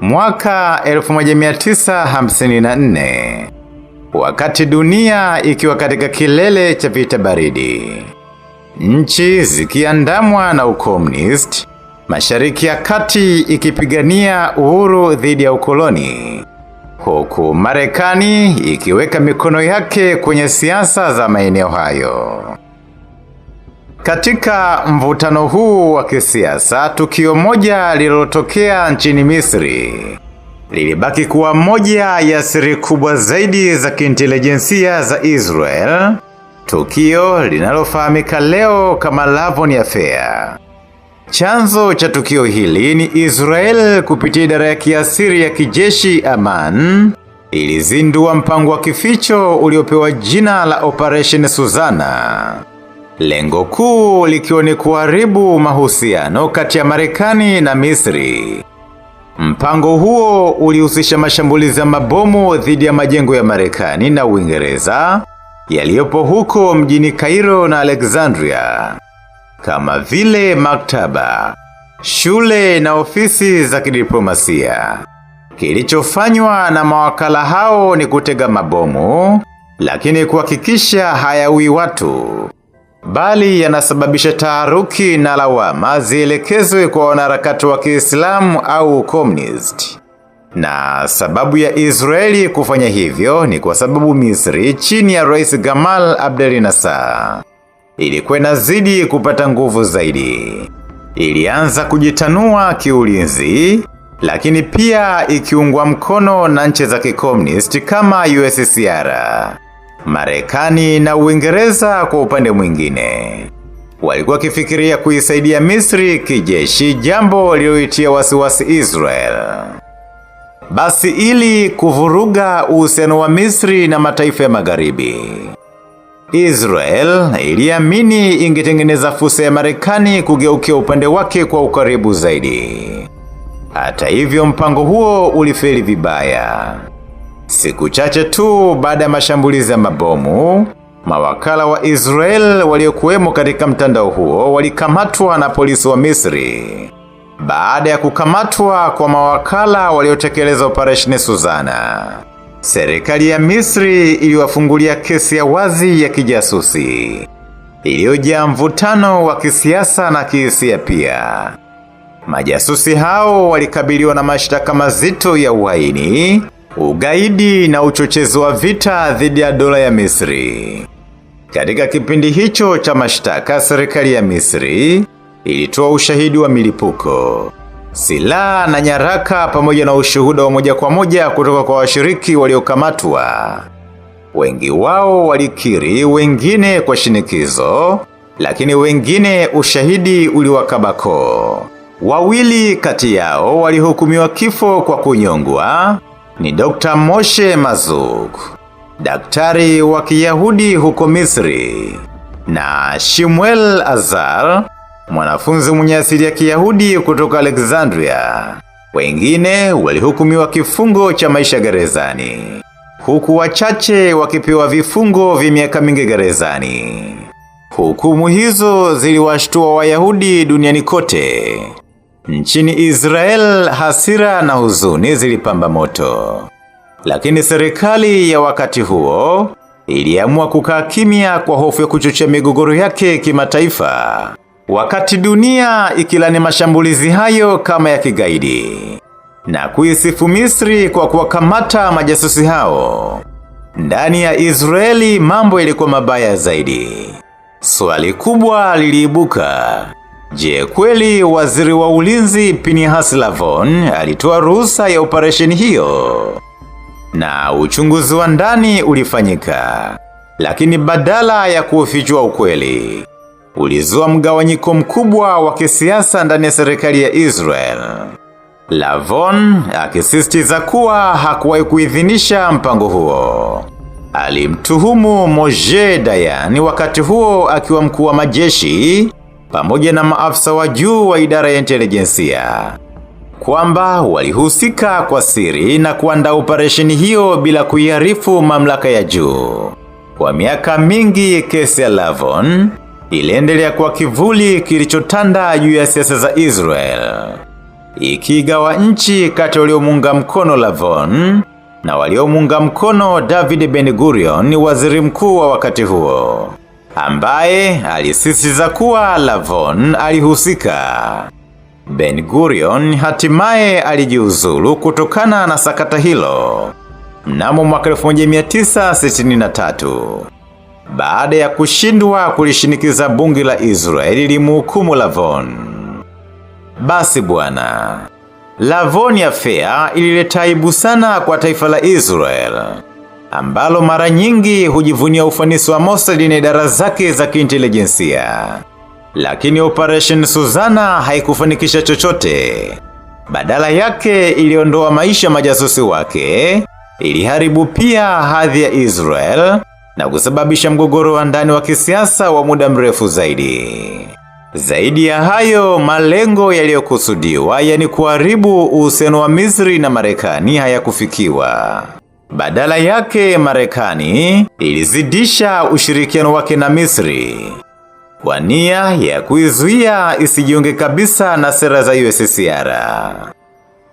mwaka 1954 wakati dunia ikiwa katika kilele cha vita baridi, nchi zikiandamwa na ukomunisti, mashariki ya kati ikipigania uhuru dhidi ya ukoloni, huku Marekani ikiweka mikono yake kwenye siasa za maeneo hayo. Katika mvutano huu wa kisiasa, tukio moja lililotokea nchini Misri lilibaki kuwa moja ya siri kubwa zaidi za kiintelijensia za Israel, tukio linalofahamika leo kama Lavon Affair. Chanzo cha tukio hili ni Israel kupitia idara ya kiasiri ya kijeshi Aman ilizindua mpango wa kificho uliopewa jina la Operation Suzana lengo kuu likiwa ni kuharibu mahusiano kati ya Marekani na Misri. Mpango huo ulihusisha mashambulizi ya mabomu dhidi ya majengo ya Marekani na Uingereza yaliyopo huko mjini cairo na Alexandria, kama vile maktaba, shule na ofisi za kidiplomasia. Kilichofanywa na mawakala hao ni kutega mabomu, lakini kuhakikisha hayaui watu bali yanasababisha taharuki na lawama zielekezwe kwa wanaharakati wa Kiislamu au komunisti. Na sababu ya Israeli kufanya hivyo ni kwa sababu Misri chini ya Rais Gamal Abdel Nasser ilikuwa inazidi kupata nguvu zaidi. Ilianza kujitanua kiulinzi, lakini pia ikiungwa mkono na nchi za kikomunisti kama USSR. Marekani na Uingereza kwa upande mwingine walikuwa kifikiria kuisaidia Misri kijeshi, jambo lilioitia wasiwasi Israel. Basi ili kuvuruga uhusiano wa Misri na mataifa ya Magharibi, Israel iliamini ingetengeneza fursa ya Marekani kugeukia upande wake kwa ukaribu zaidi. Hata hivyo, mpango huo ulifeli vibaya. Siku chache tu baada ya mashambulizi ya mabomu, mawakala wa Israel waliokuwemo katika mtandao huo walikamatwa na polisi wa Misri. Baada ya kukamatwa kwa mawakala waliotekeleza operesheni Suzana, serikali ya Misri iliwafungulia kesi ya wazi ya kijasusi iliyojaa mvutano wa kisiasa na kihisia pia. Majasusi hao walikabiliwa na mashtaka mazito ya uhaini ugaidi na uchochezi wa vita dhidi ya dola ya Misri. Katika kipindi hicho cha mashtaka, serikali ya Misri ilitoa ushahidi wa milipuko, silaha na nyaraka pamoja na ushuhuda wa moja kwa moja kutoka kwa washiriki waliokamatwa. Wengi wao walikiri, wengine kwa shinikizo, lakini wengine ushahidi uliwakabako. Wawili kati yao walihukumiwa kifo kwa kunyongwa ni Dr. Moshe Mazuk, daktari wa Kiyahudi huko Misri, na Shimuel Azar, mwanafunzi mwenye asili ya Kiyahudi kutoka Alexandria. Wengine walihukumiwa kifungo cha maisha gerezani, huku wachache wakipewa vifungo vya miaka mingi gerezani. Hukumu hizo ziliwashtua Wayahudi duniani kote. Nchini Israel hasira na huzuni zilipamba moto, lakini serikali ya wakati huo iliamua kukaa kimya kwa hofu ya kuchochea migogoro yake kimataifa, wakati dunia ikilani mashambulizi hayo kama ya kigaidi na kuisifu Misri kwa kuwakamata majasusi hao. Ndani ya Israeli mambo yalikuwa mabaya zaidi. Swali kubwa liliibuka: Je, kweli waziri wa ulinzi Pinihas Lavon alitoa ruhusa ya operation hiyo? Na uchunguzi wa ndani ulifanyika, lakini badala ya kuufichua ukweli, ulizua mgawanyiko mkubwa wa kisiasa ndani ya serikali ya Israel. Lavon akisisitiza kuwa hakuwahi kuidhinisha mpango huo. Alimtuhumu Moshe Dayan, wakati huo akiwa mkuu wa majeshi pamoja na maafisa wa juu wa idara ya intelijensia kwamba walihusika kwa siri na kuandaa operesheni hiyo bila kuiarifu mamlaka ya juu. Kwa miaka mingi, kesi ya Lavon iliendelea kuwa kivuli kilichotanda juu ya siasa za Israel, ikigawa nchi kati waliomuunga mkono Lavon na waliomuunga mkono David Ben Gurion, waziri mkuu wa wakati huo ambaye alisisitiza kuwa Lavon alihusika. Ben Gurion hatimaye alijiuzulu kutokana na sakata hilo mnamo mwaka 1963 baada ya kushindwa kulishinikiza bunge la Israeli limuhukumu Lavon. Basi bwana, Lavon ya fea ilileta aibu sana kwa taifa la Israeli ambalo mara nyingi hujivunia ufanisi wa Mossad na idara zake za kiintelijensia. Lakini Operation Suzana haikufanikisha chochote. Badala yake iliondoa maisha majasusi wake, iliharibu pia hadhi ya Israel na kusababisha mgogoro wa ndani wa kisiasa wa muda mrefu zaidi. Zaidi ya hayo, malengo yaliyokusudiwa, yani kuharibu uhusiano wa Misri na Marekani hayakufikiwa. Badala yake Marekani ilizidisha ushirikiano wake na Misri kwa nia ya kuizuia isijiunge kabisa na sera za USSR.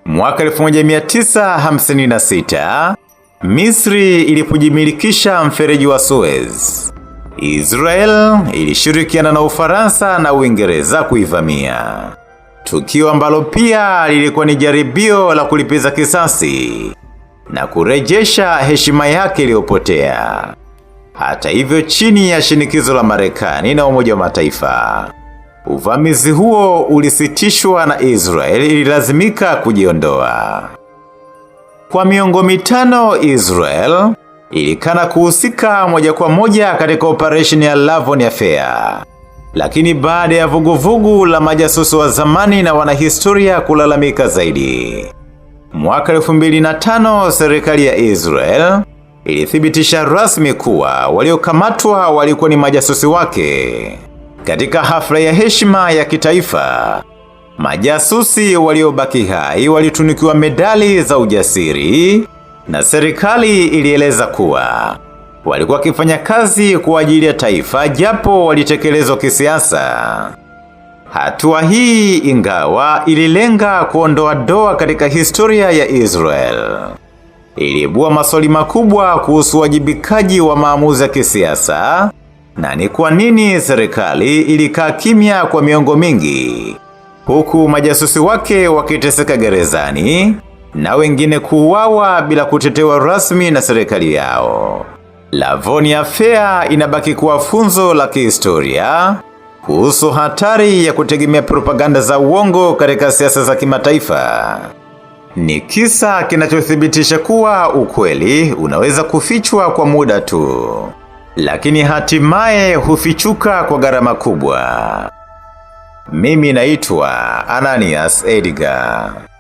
Mwaka 1956 Misri ilipojimilikisha mfereji wa Suez, Israel ilishirikiana na Ufaransa na Uingereza kuivamia, tukio ambalo pia lilikuwa ni jaribio la kulipiza kisasi na kurejesha heshima yake iliyopotea. Hata hivyo, chini ya shinikizo la Marekani na Umoja wa Mataifa, uvamizi huo ulisitishwa na Israeli ililazimika kujiondoa. Kwa miongo mitano, Israel ilikana kuhusika moja kwa moja katika operesheni ya Lavon Affair. Lakini baada ya vuguvugu la majasusi wa zamani na wanahistoria kulalamika zaidi, Mwaka tano serikali ya Israel ilithibitisha rasmi kuwa waliokamatwa walikuwa ni majasusi wake. Katika hafla ya heshima ya kitaifa, majasusi waliobaki hai walitunikiwa medali za ujasiri na serikali ilieleza kuwa walikuwa wakifanya kazi kwa ajili ya taifa japo walitekelezwa kisiasa. Hatua hii ingawa ililenga kuondoa doa katika historia ya Israel, Ilibua maswali makubwa kuhusu wajibikaji wa maamuzi ya kisiasa na ni kwa nini serikali ilikaa kimya kwa miongo mingi, huku majasusi wake wakiteseka gerezani na wengine kuuawa bila kutetewa rasmi na serikali yao. Lavonia Fair inabaki kuwa funzo la kihistoria kuhusu hatari ya kutegemea propaganda za uongo katika siasa za kimataifa. Ni kisa kinachothibitisha kuwa ukweli unaweza kufichwa kwa muda tu, lakini hatimaye hufichuka kwa gharama kubwa. Mimi naitwa Ananias Edgar.